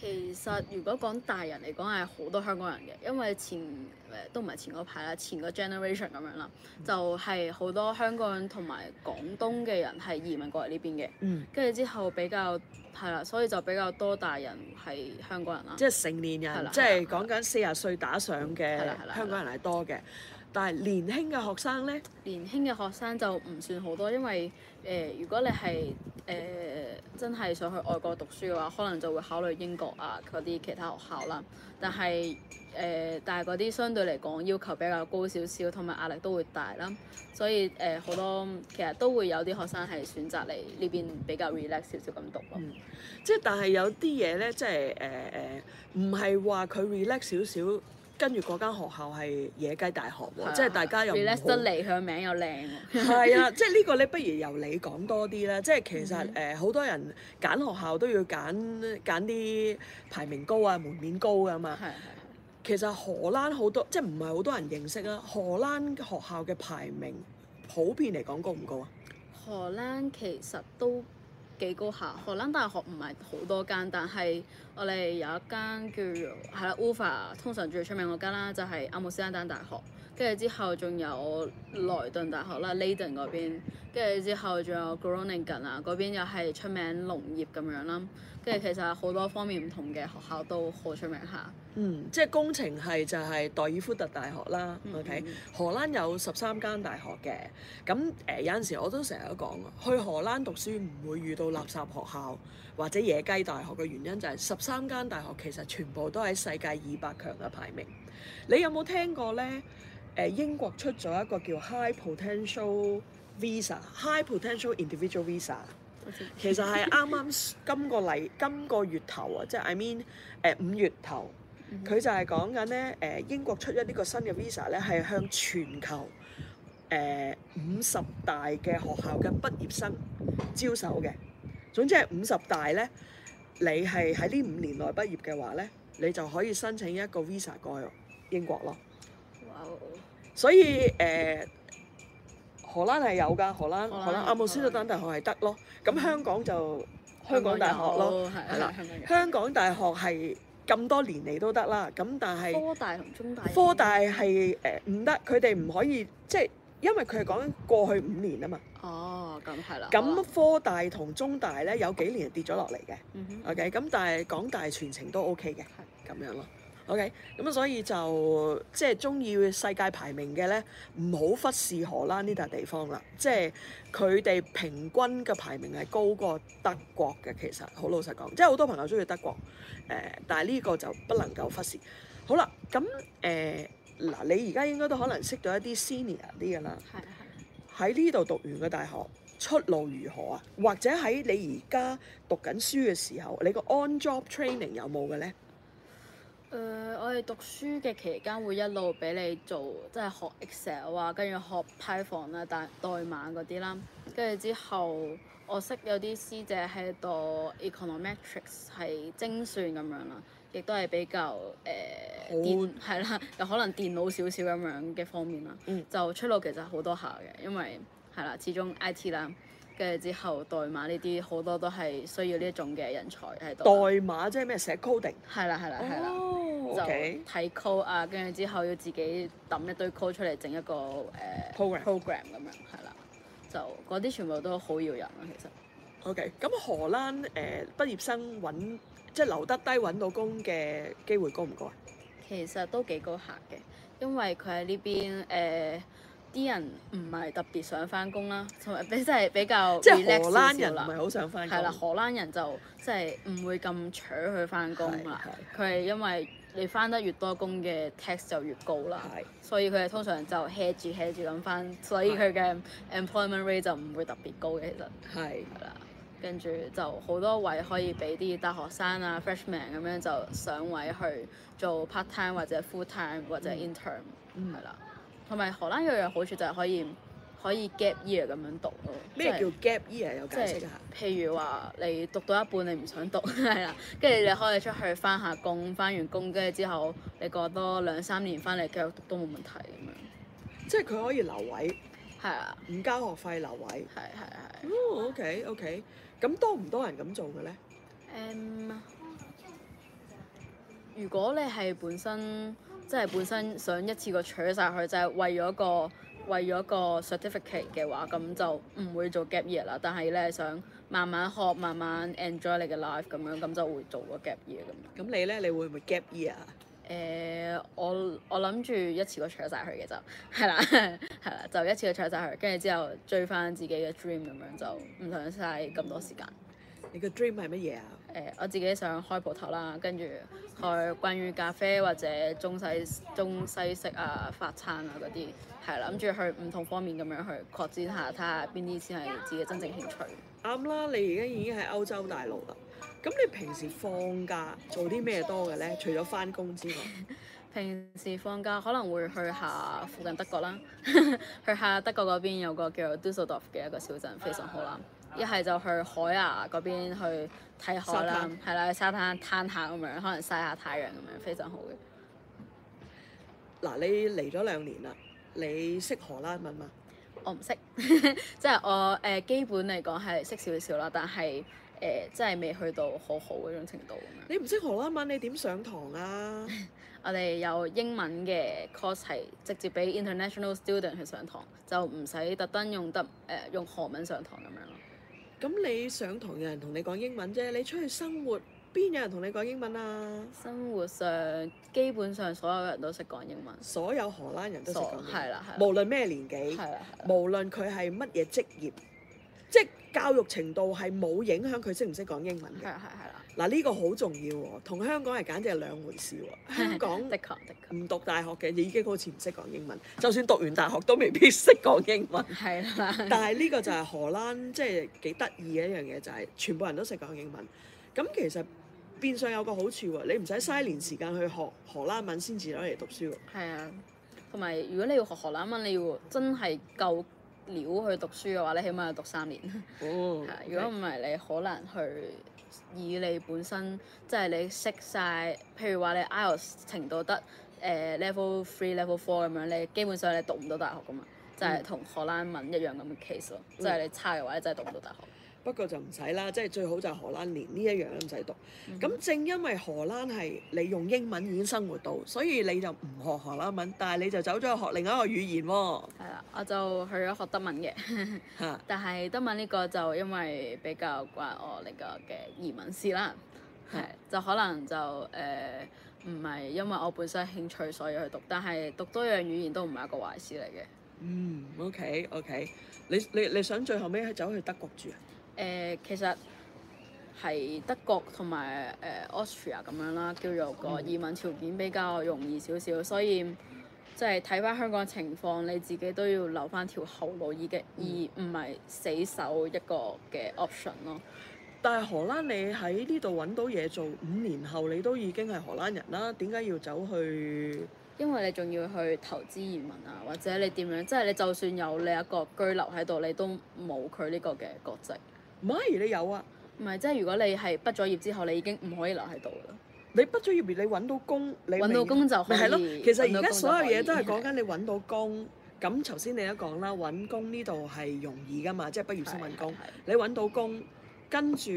其實如果講大人嚟講係好多香港人嘅，因為前誒都唔係前嗰排啦，前個 generation 咁樣啦，就係、是、好多香港人同埋廣東嘅人係移民過嚟呢邊嘅，跟住、嗯、之後比較係啦，所以就比較多大人係香港人啦。即係成年人，即係講緊四十歲打上嘅香港人係多嘅。但係年輕嘅學生呢？年輕嘅學生就唔算好多，因為誒、呃，如果你係誒、呃、真係想去外國讀書嘅話，可能就會考慮英國啊嗰啲其他學校啦。但係誒、呃，但係嗰啲相對嚟講要求比較高少少，同埋壓力都會大啦。所以誒，好多其實都會有啲學生係選擇嚟呢邊比較 relax 少少咁讀咯。即係、嗯即係、但係有啲嘢呢，即係誒誒，唔係話佢 relax 少少，跟住嗰間學校係野雞大學喎，的即係大家又唔好。r e l 佢嘅名又靚喎。係 啊，即係呢個你不如由你講多啲啦。即係其實誒，好、嗯哼呃、多人揀學校都要揀揀啲排名高啊、門面高噶嘛。係係，的。其實荷蘭好多即係唔係好多人認識啦。荷蘭學校嘅排名普遍嚟講高唔高啊？荷蘭其實都。幾高下？荷蘭大學唔係好多間，但係我哋有一間叫係啦，UvA，通常最出名嗰間啦，就係、是、阿姆斯特丹大學。跟住之後，仲有萊頓大學啦，Leiden 嗰邊。跟住之後，仲有 Groningen 啊，嗰邊又係出名農業咁樣啦。跟住其實好多方面唔同嘅學校都好出名吓。嗯，即係工程係就係代爾夫特大學啦。OK，嗯，荷蘭有十三間大學嘅。咁誒有陣時我都成日都講，去荷蘭讀書唔會遇到垃圾學校或者野雞大學嘅原因就係十三間大學其實全部都喺世界二百強嘅排名。你有冇聽過咧？誒英國出咗一個叫 High Potential Visa、High Potential Individual Visa， 其實係啱啱今個禮今個月頭啊，即係 I mean 誒、呃、五月頭，佢、mm hmm. 就係講緊咧誒英國出咗呢個新嘅 Visa 咧，係向全球誒五十大嘅學校嘅畢業生招手嘅。總之係五十大咧，你係喺呢五年內畢業嘅話咧，你就可以申請一個 Visa 過去英國咯。所以誒，荷蘭係有㗎，荷蘭荷蘭阿姆斯特丹大學係得咯。咁香港就香港大學咯，係啦，香港大學係咁多年嚟都得啦。咁但係科大同中大科大係誒唔得，佢哋唔可以即係，因為佢係講緊過去五年啊嘛。哦，咁係啦。咁科大同中大咧有幾年跌咗落嚟嘅。嗯哼。OK. 咁但係港大全程都 OK 嘅，咁樣咯。OK，咁所以就即係中意世界排名嘅咧，唔好忽視荷蘭呢笪地方啦。即係佢哋平均嘅排名係高過德國嘅。其實好老實講，即係好多朋友中意德國，誒、呃，但係呢個就不能夠忽視。好啦，咁誒嗱，你而家應該都可能識到一啲 senior 啲噶啦，喺呢度讀完嘅大學出路如何啊？或者喺你而家讀緊書嘅時候，你個 on-job training 有冇嘅咧？誒，uh, 我哋讀書嘅期間會一路俾你做，即係學 Excel 啊，跟住學 Python 啊，代代碼嗰啲啦。跟住之後，我識有啲師姐喺度 Econometrics 係精算咁樣啦，亦都係比較誒、呃、好電係啦，有、啊、可能電腦少少咁樣嘅方面啦。嗯、就出路其實好多下嘅，因為係、啊、啦，始終 IT 啦。跟住之後代碼，代碼呢啲好多都係需要呢一種嘅人才喺度。代碼即係咩？寫 coding。係啦，係啦、oh, 的，係啦。就睇 code 啊，跟住之後要自己揼一堆 code 出嚟整一個誒、呃、program，program 咁樣係啦。就嗰啲全部都好要人啊，其實。OK，咁荷蘭誒畢業生揾即係留得低揾到工嘅機會高唔高啊？其實都幾高下嘅，因為佢喺呢邊誒。呃啲人唔係特別想翻工啦，同埋比即係比較 relax 啦。係 啦，荷蘭人就即係唔會咁搶佢翻工啦。佢係因為你翻得越多工嘅 tax 就越高啦，是所以佢哋通常就 hedge 住 hedge 住咁翻，所以佢嘅 employment rate 就唔會特別高嘅。其實係是啦，跟住就好多位可以俾啲大學生啊、嗯、freshman 咁樣就上位去做 part time 或者 full time 或者 intern 係、嗯嗯、啦。同埋荷蘭有樣好處就係可以可以 gap year 咁樣讀咯。咩、就是、叫 gap year 有解釋㗎、就是？譬如話你讀到一半你唔想讀，係 啦，跟住你可以出去翻下工，翻完工跟住之後你過多兩三年翻嚟繼續讀都冇問題咁樣。即係佢可以留位。係啊的。唔交學費留位。係係係。哦、oh，OK OK，咁多唔多人咁做嘅咧？誒，um, 如果你係本身。即係本身想一次過取晒佢，就係、是、為咗個為咗個 certificate 嘅話，咁就唔會做 gap year 啦。但係咧想慢慢學，慢慢 enjoy 你嘅 life 咁樣，咁就會做個 gap year 咁。咁你咧，你會唔會 gap year 啊？誒，我我諗住一次過取晒佢嘅就係啦，係啦，就一次過取晒佢，跟住之後追翻自己嘅 dream 咁樣，就唔想嘥咁多時間。你個 dream 係乜嘢啊？誒、呃，我自己想開鋪頭啦，跟住去關於咖啡或者中西中西式啊、法餐啊嗰啲，係啦，諗住去唔同方面咁樣去擴展下，睇下邊啲先係自己真正興趣。啱啦，你而家已經喺歐洲大陸啦。咁你平時放假做啲咩多嘅咧？除咗返工之外。 平時放假可能會去下附近德國啦， 去下德國嗰邊有個叫 Dusseldorf 嘅一個小鎮，非常好啦。一係就去海牙嗰邊去睇海啦，係灘啦，去沙灘攤下咁樣，可能曬下太陽咁樣，非常好嘅。嗱，你嚟咗兩年啦，你識荷蘭文嘛？我唔識，即係我誒、呃、基本嚟講係識少少啦，但係誒即係未去到好好嗰種程度咁樣。你唔識荷蘭文，你點上堂啊？ 我哋有英文嘅 course 係直接俾 international student 去上堂，就唔使特登用得誒、呃、用荷文上堂咁樣咯。咁你想同有人同你講英文啫，你出去生活邊有人同你講英文啊？生活上基本上所有人都識講英文。所有荷蘭人都識講英文，係啦，無論咩年紀，無論佢係乜嘢職業。即教育程度係冇影響佢識唔識講英文。係係係啦。嗱，呢個好重要喎，同香港係簡直係兩回事喎。香港唔讀大學嘅，已經好似唔識講英文，就算讀完大學都未必識講英文。係，但係呢個就係荷蘭即係幾得意嘅一樣嘢，就係全部人都識講英文。咁其實變相有個好處喎，你唔使嘥年時間去學荷蘭文先至攞嚟讀書。係啊。同埋如果你要學荷蘭文，你要真係夠。料去讀書嘅話，你起碼要讀三年。如果唔係，你可能去以你本身即係、就是、你識曬，譬如話你 IELTS 程度得 level three、呃、level four，咁樣你基本上你讀唔到大學噶嘛，就係、是、同荷蘭文一樣咁嘅 case 咯。即係你差嘅話，你真係讀唔到大學。Mm hmm. 嗯不過就唔使啦，即係最好就係荷蘭連呢一樣都唔使讀。咁、嗯、正因為荷蘭係你用英文已經生活到，所以你就唔學荷蘭文，但係你就走咗去學另一個語言喎、哦。係啦，我就去咗學德文嘅 但係德文呢個就因為比較關我呢個嘅移民事啦，係、啊、就可能就誒唔係因為我本身興趣所以去讀，但係讀多樣語言都唔係一個壞事嚟嘅。嗯，OK OK，你你你想最後尾去走去德國住啊？誒其實係德國同埋誒 Austria 咁樣啦，叫做個移民條件比較容易少少，嗯、所以即係睇翻香港情況，你自己都要留翻條後路，而而唔係死守一個嘅 option 咯。但係荷蘭你，你喺呢度揾到嘢做五年後，你都已經係荷蘭人啦，點解要走去？因為你仲要去投資移民啊，或者你點樣？即、就、係、係、你就算有你一個居留喺度，你都冇佢呢個嘅國籍。唔係你有啊，唔係即係如果你係畢咗業之後，你已經唔可以留喺度啦。你畢咗業，你揾到工，你揾到工就係咯，其實而家所有嘢都係講緊你揾到工。咁頭先你都講啦，揾工呢度係容易噶嘛，即係畢業先揾工。的你揾到工，跟住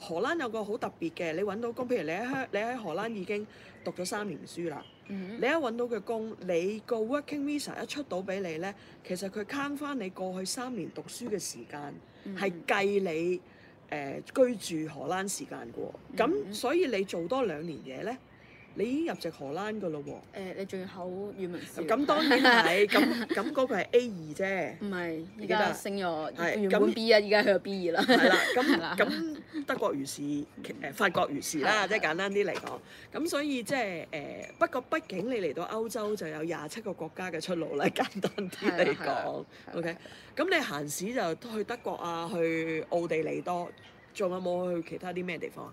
荷蘭有個好特別嘅，你揾到工，譬如你喺香，你喺荷蘭已經讀咗三年書啦。嗯、哼你一揾到嘅工，你個 working visa 一出到俾你咧，其實佢慳返你過去三年讀書嘅時間。係計你誒、呃、居住荷蘭時間過，咁、嗯嗯、所以你做多兩年嘢咧？你已經入籍荷蘭㗎咯喎！誒，你仲要考語文咁當然係，咁咁嗰個係 A 二啫。唔係，而家升咗，咁 B 一，而家去到 B 二啦。係啦，咁咁德國如是，誒法國如是啦，即係簡單啲嚟講。咁所以即係誒，不過畢竟你嚟到歐洲就有廿七個國家嘅出路啦，簡單啲嚟講。OK，咁你閒時就去德國啊，去奧地利多，仲有冇去其他啲咩地方啊？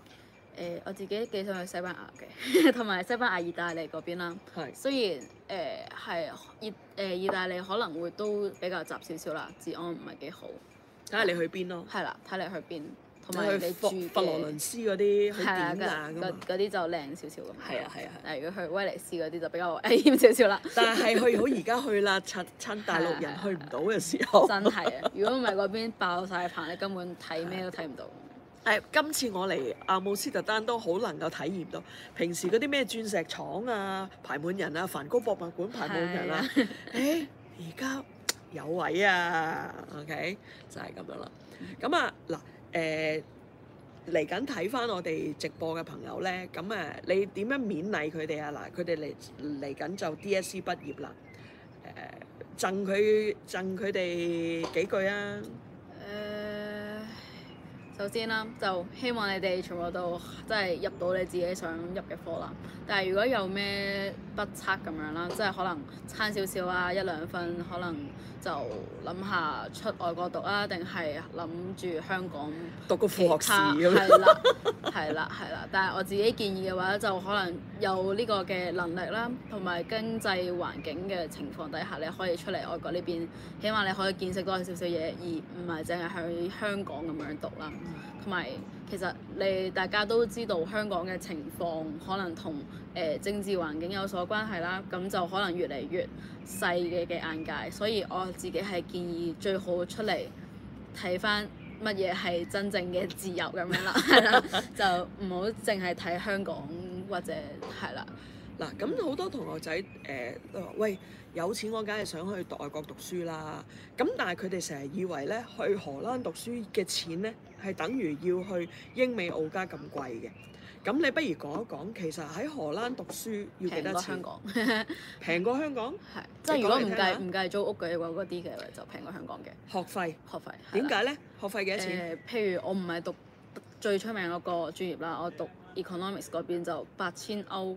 誒我自己幾想去西班牙嘅，同埋西班牙、意大利嗰邊啦。係。雖然誒係意誒意大利可能會都比較雜少少啦，治安唔係幾好。睇下你去邊咯。係啦，睇你去邊。同埋去你住佛羅倫斯嗰啲點啊？嗰嗰啲就靚少少咁。係啊係啊。但如果去威尼斯嗰啲就比較危險少少啦。但係去好而家去啦，趁趁大陸人去唔到嘅時候。真係啊！如果唔係嗰邊爆晒棚，你根本睇咩都睇唔到。誒、哎，今次我嚟阿姆斯特丹都好能夠體驗到，平時嗰啲咩鑽石廠啊排滿人啊、梵高博物館排滿人啊。誒而家有位啊，OK 就係咁樣啦。咁啊嗱誒，嚟緊睇翻我哋直播嘅朋友咧，咁啊，你點樣勉勵佢哋啊？嗱，佢哋嚟嚟緊就 DSE 畢業啦，誒、呃、贈佢贈佢哋幾句啊！首先啦，就希望你哋全部都即係入到你自己想入嘅科啦。但係如果有咩不測咁樣啦，即係可能差少少啊，一兩分可能就諗下出外國讀啊，定係諗住香港讀個副學士咁樣。係啦，係啦，係啦。但係我自己建議嘅話，就可能有呢個嘅能力啦，同埋經濟環境嘅情況底下，你可以出嚟外國呢邊，起碼你可以見識多少少嘢，而唔係淨係喺香港咁樣讀啦。同埋，其實你大家都知道香港嘅情況可能同誒、呃、政治環境有所關係啦，咁就可能越嚟越細嘅嘅眼界，所以我自己係建議最好出嚟睇翻乜嘢係真正嘅自由咁樣啦， 就唔好淨係睇香港或者係啦。嗱，咁好、啊、多同學仔誒、呃，喂，有錢我梗係想去讀外國讀書啦。咁但係佢哋成日以為咧，去荷蘭讀書嘅錢咧，係等於要去英美澳加咁貴嘅。咁你不如講一講，其實喺荷蘭讀書要幾多錢？平比香 過香港。平 過香港？係。即係如果唔計唔計租屋嘅話，嗰啲嘅就平過香港嘅。學費學費。點解咧？學費幾多錢、呃？譬如我唔係讀最出名嗰個專業啦，我讀 Economics 嗰邊就八千歐。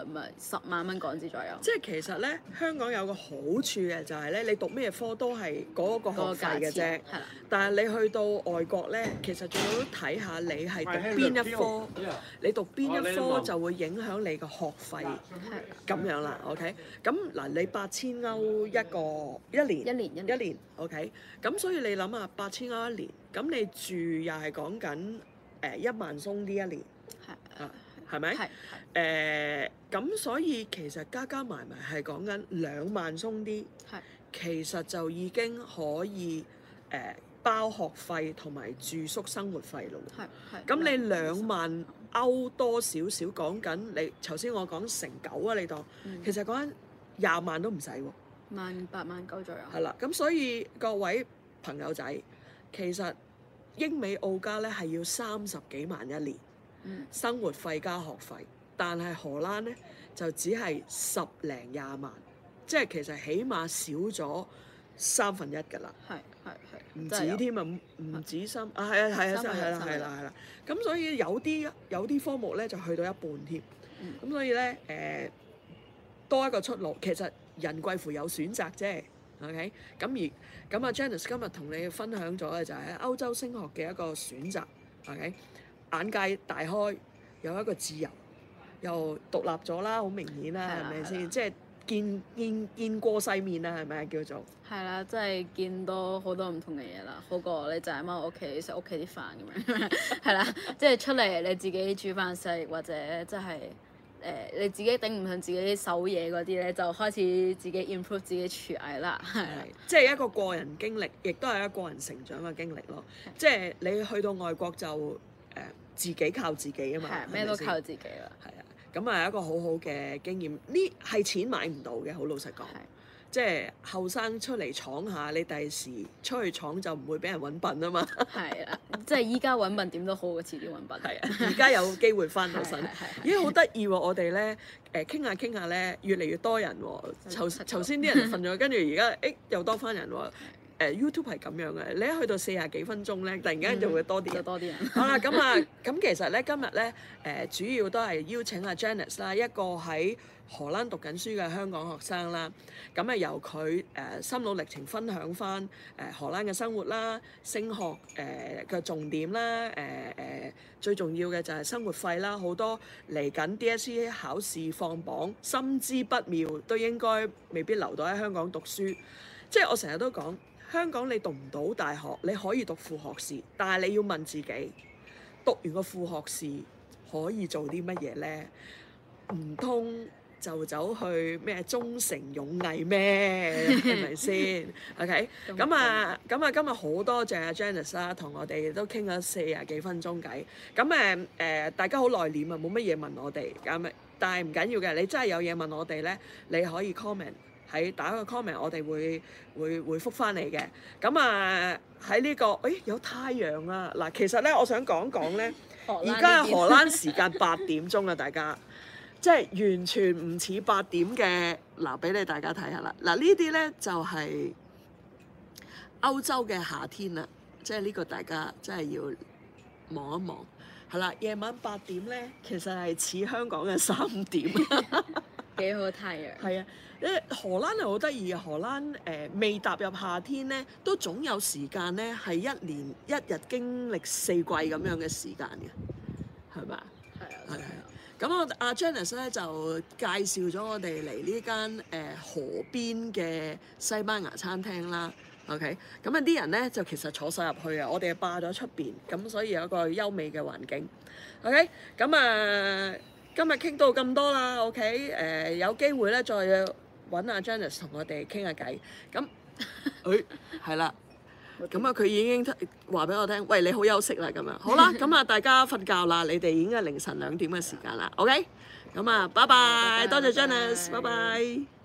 唔係十萬蚊港紙左右。即係其實咧，香港有個好處嘅就係咧，你讀咩科都係嗰個學費嘅啫。係啦。但係你去到外國咧，其實仲要睇下你係讀邊一科， 你讀邊一科就會影響你個學費。係。咁 的樣啦，OK。咁嗱，你八千歐一個一年，一年，一年一年，OK。咁所以你諗下，八千歐一年，咁你住又係講緊誒一萬鬆呢一年。係。係咪？係。誒，咁、呃、所以其實加加埋埋係講緊兩萬鬆啲，係是。其實就已經可以誒、呃、包學費同埋住宿生活費啦。係係。咁你兩萬歐多少少講緊？你頭先我講成九啊，你當。嗯、其實講緊廿萬都唔使喎。萬八萬九左右。係啦，咁所以各位朋友仔，其實英美澳加咧係要三十幾萬一年，嗯、生活費加學費，但係荷蘭咧就只係十零廿萬，即係其實起碼少咗三分一噶啦，係係係，唔止添啊，唔止三啊，係啊係啊，係啦係啦係啦，咁、啊啊啊啊啊啊、所以有啲有啲科目咧就去到一半添，咁、嗯、所以咧誒、呃、多一個出路，其實人貴乎有選擇啫，OK？咁而咁啊，Janice 今日同你分享咗嘅就係歐洲升學嘅一個選擇，OK？眼界大開，有一個自由又獨立咗啦，好明顯啦，係咪先？即係、yeah. 見見見過世面啦，係咪叫做？係啦，即係見到好多唔同嘅嘢啦，好過你就喺埋屋企食屋企啲飯咁樣。係啦、yeah.，即係出嚟你自己煮飯食，或者即係誒你自己頂唔順自己手嘢嗰啲咧，就開始自己 improve 自己廚藝啦。係，即係一個個人經歷，亦都係一個人成長嘅經歷咯。即係你去到外國就誒。自己靠自己啊嘛，咩都靠自己啦。係啊，咁啊一個好好嘅經驗。呢係錢買唔到嘅，好老實講。係。即係後生出嚟闖下，你第時出去闖就唔會俾人揾笨啊嘛。係啊，即係依家揾笨點都好過遲啲揾笨。係啊，而家有機會翻到身，係。咦！好得意喎，我哋咧誒傾下傾下咧，越嚟越多人喎。頭頭先啲人瞓咗，跟住而家誒又多翻人多。誒 YouTube 係咁樣嘅，你一去到四十幾分鐘咧，突然間就會多啲，多啲人。好啦、嗯，咁 啊，咁、啊、其實咧今日咧誒主要都係邀請阿、啊、Janice 啦，一個喺荷蘭讀緊書嘅香港學生啦。咁啊由佢誒心路歷程分享翻誒、呃、荷蘭嘅生活啦、升、啊、學誒嘅、呃、重點啦、誒、啊、誒、呃、最重要嘅就係生活費啦。好、啊、多嚟緊 DSE 考試放榜心知不妙，都應該未必留到喺香港讀書。即係我成日都講。香港你讀唔到大學，你可以讀副學士，但係你要問自己，讀完個副學士可以做啲乜嘢呢？唔通就走去咩忠誠勇毅咩？係咪先？OK，咁啊，咁啊，今日好多謝阿 Janice 啦，同我哋都傾咗四啊幾分鐘偈。咁誒誒，大家好內斂啊，冇乜嘢問我哋咁，但係唔緊要嘅，你真係有嘢問我哋呢，你可以 comment。喺打個 comment，我哋會會,會回覆翻你嘅。咁啊，喺呢、這個，誒、哎、有太陽啊。嗱，其實咧，我想講講咧，而家係荷蘭蘭 時間八點鐘啊， 大家，即係完全唔似八點嘅。嗱， 俾你大家睇下啦。嗱，呢啲咧就係、是、歐洲嘅夏天啦。即係呢個，大家真係要望一望。係啦，夜晚八點咧，其實係似香港嘅三點。 幾好睇啊！係啊，誒荷蘭係好得意嘅，荷蘭誒、呃、未踏入夏天咧，都總有時間咧係一年一日經歷四季咁樣嘅時間嘅，係咪、嗯、吧啊？係啊，係、嗯、啊。咁我阿 Janice 咧就介紹咗我哋嚟呢間誒河邊嘅西班牙餐廳啦。OK，咁啊啲人咧就其實坐晒入去啊，我哋霸咗出邊，咁所以有一個優美嘅環境。OK，咁啊。呃今日傾到咁多啦，OK？誒、呃、有機會咧再揾阿、啊、Janice 同我哋傾下偈。咁，誒係啦。咁啊，佢已經話俾我聽，喂，你好休息啦，咁樣好啦。咁啊，大家瞓覺啦，你哋已經係凌晨兩點嘅時間啦，OK？咁啊，拜拜，多謝 Janice，拜拜。